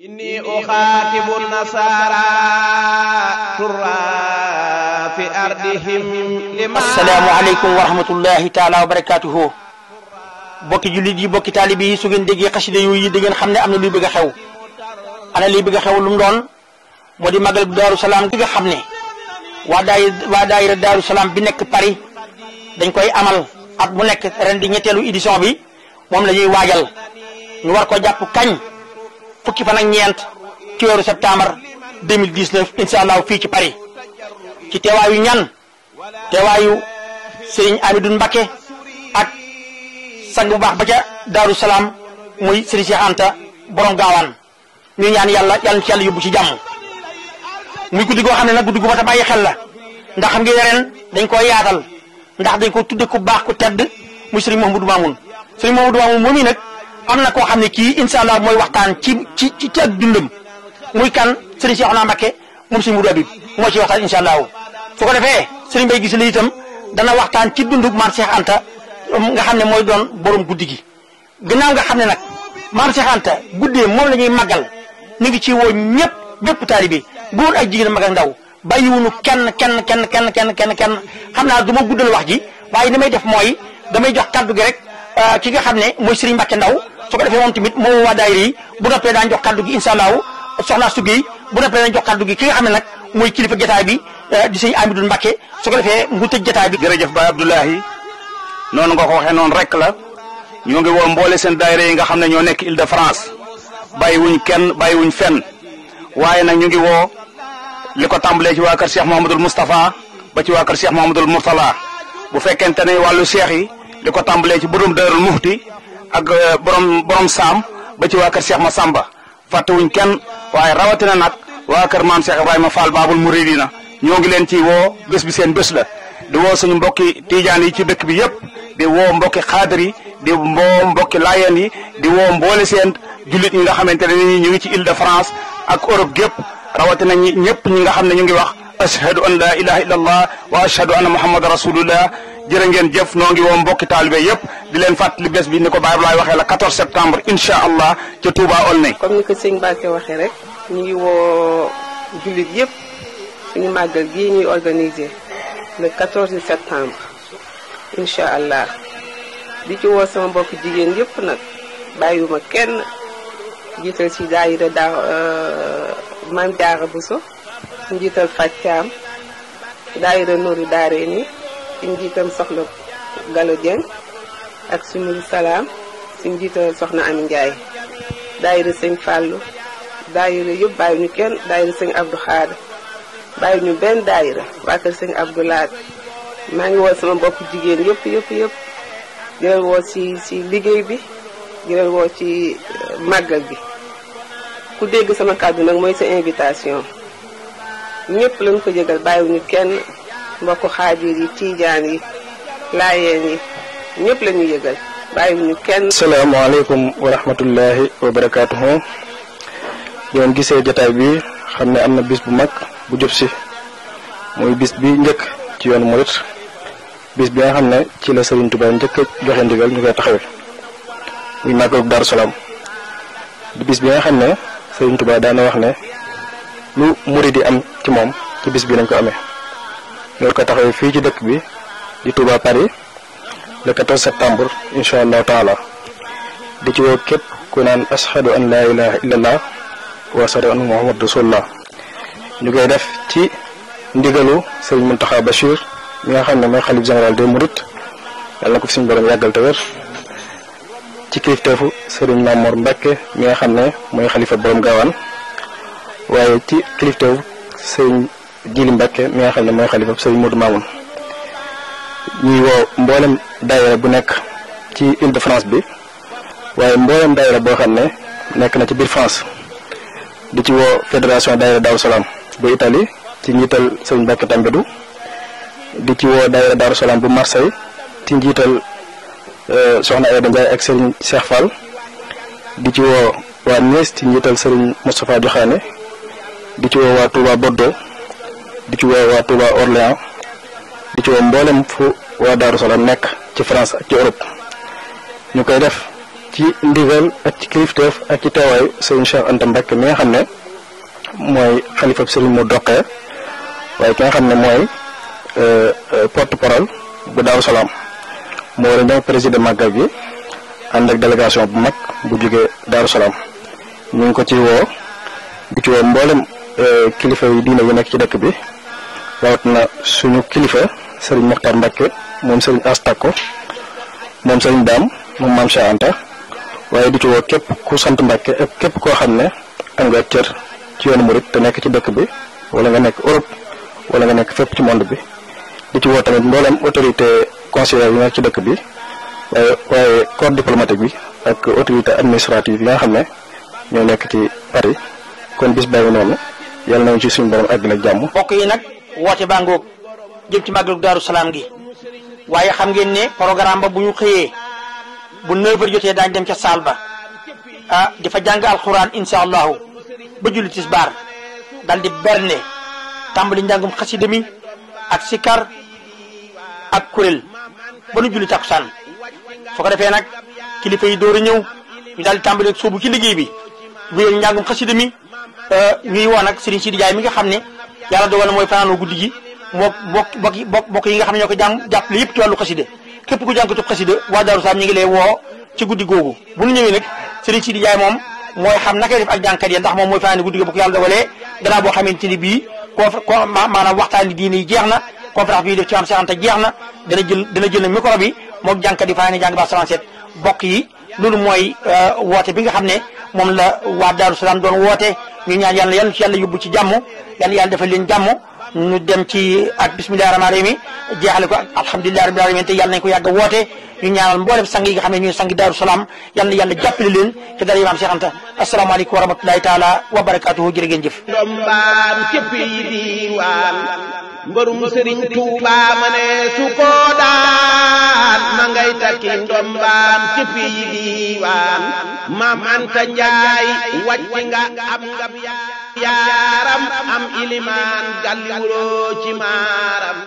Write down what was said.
inni uxaatibu nasaara turra fi ardihim lima assalaamu aleykum wa rahmatullahi taala wa barakaatuhu bokki jullit yi bokki taalib yi su ngeen déggee xasida yooyu da ngeen xam ne am na luy bëgg a xew ana luy bëgg xew lu mu doon moo di magal bu daaru salaam xam ne waa daay waa daayira daaru bi nekk Paris dañ koy amal at mu nekk ren ñetteelu édition bi moom lañuy ñuy waajal ñu war ko jàpp kañ fukki fan ak ñeent ci weeru septembre 2019 incha allah fii ci Paris ci teewaayu ñan teewaayu Serigne Amidou Mbacké ak sang bu baax ba ca Daaru Salaam muy Serigne Cheikh Anta borom gaawaan ñu ñaan yàlla yàlla ci yàlla yóbbu ci jàmm muy guddi goo xam ne nag guddi gu mat a bàyyi xel la ndax xam nga ren dañ koo yaatal ndax dañ ko tudde ku baax ku tedd muy Serigne Mouhamadou Mamoun Serigne Mouhamadou Mamoun moom i nag am na ko xam ne kii incha allah mooy waxtaan ci ci ci ak dundam muy kan sëriñ Cheikhouna Mbacké moom si Mudu Abib moo ci waxtaan incha allah ko defee sëriñ Bay gis la itam dana waxtaan ci dundub maam Cheikh Anta um, nga xam ne mooy doon borom guddi gi. gannaaw nga xam ne nag maam Anta guddee moom la ñuy màggal ñu ngi ci woo ñëpp bépp taalibe góor ak jigéen mag ak ndaw bàyyiwunu kenn kenn kenn kenn kenn kenn kenn xam naa du ma guddal wax ji waaye li may def mooy damay jox kaddu gi rek euh, ki nga xam ne mooy sëriñ Mbacké Ndaw su ko defee moom tamit moom waa daayira yi bu noppee daan jox kaddu gi incha allahu soxna bu noppee daan jox kaddu gi ki nga xam ne nag kilifa jotaay bi eh, di sëñ Amidou su ko defee mu tëj jotaay bi. jërëjëf Baye Abdoulahi noonu nga ko waxee noonu rek la ñoo ngi woo mboole seen daayira yi nga xam ne ñoo nekk Île de France wuñ kenn bàyyiwuñ fenn waaye nag ñu ngi woo li ko tàmbalee ci waa kër Cheikh Mouhamadul Moustapha ba ci waa kër Cheikh Mouhamadul Mourtala bu fekkente ne wàllu cheikh yi li ko tàmbalee ci borom Daarul Muxti ak euh, borom borom saam ba ci waa kër Cheikh Massamba fàttewuñ kenn waaye rawatina nag waa kër maam Cheikh Ibrahima Fall Baabul Muridiina ñoo ngi leen ci woo bés bi seen bés di woo suñu mbokki tiijaan yi ci dëkk bi yëpp di woo mbokki xaadir yi di woo mbokki laayeen yi di woo mboole seen jullit ñi nga xamante ne ni ñu ngi ci Île de France ak Europe gépp rawatina ñi ñëpp ñi nga xam ne ñu ngi wax ashhadu an la ilaha illallah wa ashhadu anna muhammadan rasulullah jërë ngeen jëf noo ngi woo mbokki taalibe yëpp di leen fàttali bés bi ni ko Baye Ablaye waxee la 14 septembre incha allah ca Touba Aulnay. comme ni ko sëñ Mbacke waxee rek ñu ngi woo jullit yëpp suñu màggal gi ñuy organiser le 14 septembre incha allah di ci woo sama mbokk jigéen yëpp nag bàyyiwuma kenn jiital ci daayira daa euh, Maam Jaara Buso suñu jiital Fàccaam daayira Nooru Daareeni suñu jiital Soxla Galo Dieng ak suñu salaam suñ jiitalal soxna Ami Ndiaye daayira sëñ Fàllu daayira yëpp bàyyi ñu kenn daayira sëñ Abdou Xaada bàyyi ñu benn daayira waa kër sëñ Abdou Laat maa ngi woo sama bopp jigéen yëpp yëpp yëpp di leen woo ci ci liggéey bi di woo ci euh, màggal bi ku dégg sama kàddu nag mooy sa invitation ñëpp lañ ko jégal bàyyiwuñu kenn mbokku xaajir yi tiijaan yi laayeen yi ñëpp la ñuy yëgal ñu kenn. salaamaaleykum wa rahmatullahi wa barakaatuhu. yoon gisee jataay bi xam ne am na bis bu mag bu jub si muy bis bi njëkk ci yoonu murit bis bi nga xam ne ci la Serigne Touba njëkk a joxe ndigal ñu koy taxawee muy màggalu Salaam di bis bi xam ne Serigne Touba daana wax ne lu murit yi am ci moom ci bis bi dañ ko ame loolu ko taxawee fii ci dëkk bi di Touba Paris. le 14 septembre incha allahu taala di ci woo képp ku naan ashadu an laa ilaha illallah wa ashadu an muhammad rasulullah ñu koy def ci ndigalu sëriñ Muntaxa Bachir mi nga xam ne mooy xalif général des Mourides yàlla na mi nga xam ne mooy xalifa borom gaawaan waaye ci kilifteefu sëriñ Jili Mbacke mi nga xam ne mooy xalifa sëriñ Modou Mamoun ñuy woo mboolem daayira bu nekk ci Île de France bi waaye mboolem daayira boo xam ne nekk na ci biir France di ci woo fédération daayira Daaru Salaam bu Italie ci njiital sëñ Mbàkke Tambédou di ci woo bu Marseille ci njiital euh, soxna Aïda Ndiaye ci woo waa Niès ci njiital sëriñ Moustapha Diakhané di ci woo waa Touba Bordeaux di ci woo waa Touba Orléans di ci woo mboolem fu waa Daaru Salaam nekk ci France ak ci Europe ñu koy def ci ndigal ak ci kilifteef ak ci teewaayu sëriñ Cheikh Anta Mbacke mi nga xam ne mooy xalifab sëriñ mu doqee waaye ki nga xam ne mooy euh, euh, porte parole bu Daaru Salaam moo war a ñëw président màggal gi ànd ak délégation bu mag bu jógee Daaru Salaam ñu ngi ko ci woo bu mboolem euh, kilifa yi diine yi nekk ci dëkk bi rawat na suñu kilifa sëriñ Moxtaar Mbacke moom sëriñ Astako moom sëriñ Daam moom maam Cheikh waaye di ci woo képp ku sant Mbàkke ak képp koo xam ne am nga cër ci yoonu murit te nekk ci dëkk bi wala nga nekk Europe wala nga nekk fépp ci monde bi di ci woo tamit mboolem autorité consulaire yi nekk ci dëkk bi waaye waaye corps diplomatique bi ak autorité administrative yi xam ne ñoo nekk ci Paris kon bis bàyyi noonu yàlla nañu ci suñu borom àgg la jàmm. mbokk yi nag woote baa ngoog jëm ci màggalu Daaru Salaam gi. waaye xam ngeen ne programme ba bu ñu xëyee bu 9h jotee daañu dem ca saal ba ah di fa jàng alxuraan incha allahu ba julli tisbaar dal di berne tàmbali njàngum xasida mi ak sikar ak kuréel ba nu julli ak su ko defee nag kilifa yi door a ñëw ñu daal di tàmbali soobu ci liggéey bi wéyal njàngum xasida mi eh, ñuy wax nag Serigne Sidi Diaye mi nga xam ne yàlla dogal na mooy fanaanoo guddi gi. moo bokk bokk bokk yi nga xam ne ñoo ko jàng jàppale yëpp ci wàllu xasida képp ku jàngkatub xasida waa Daaru Salaam ñi ngi lay woo ci moom mooy xam naka def ak jàngkat yi ndax moom mooy fanaane guddi gi bu ko yàlla dogalee boo xamante ni bii con maanaam waxtaani diine yi jeex na conférence bi def ci am seexante jeex na dana jël dana jël na micro bi mook yi fanaane ba 77 bokk yi loolu mooy euh, woote bi nga xam ne moom la waa Daaru Salaam doon woote ñu ñaan yàlla yàlla ci yàlla yóbbu ci jàmm yàlla yàlla defal leen jàmm ñu dem ci ak bisimilah rahmaani rahiim jeexale ko ak alhamdulilah rabbil alamin te yàlla nañ ko yàgg a woote ñu ñaanal mboolem sang yi nga xam ne ñooy sangi daaru salaam yàlla na yàlla jàppale leen ci dara imaam Cheikh Anta asalaamaaleykum wa rahmatulahi taala wa barakaatuhu jërë ma daaram am ilimaan gàlliwuloo ci maaram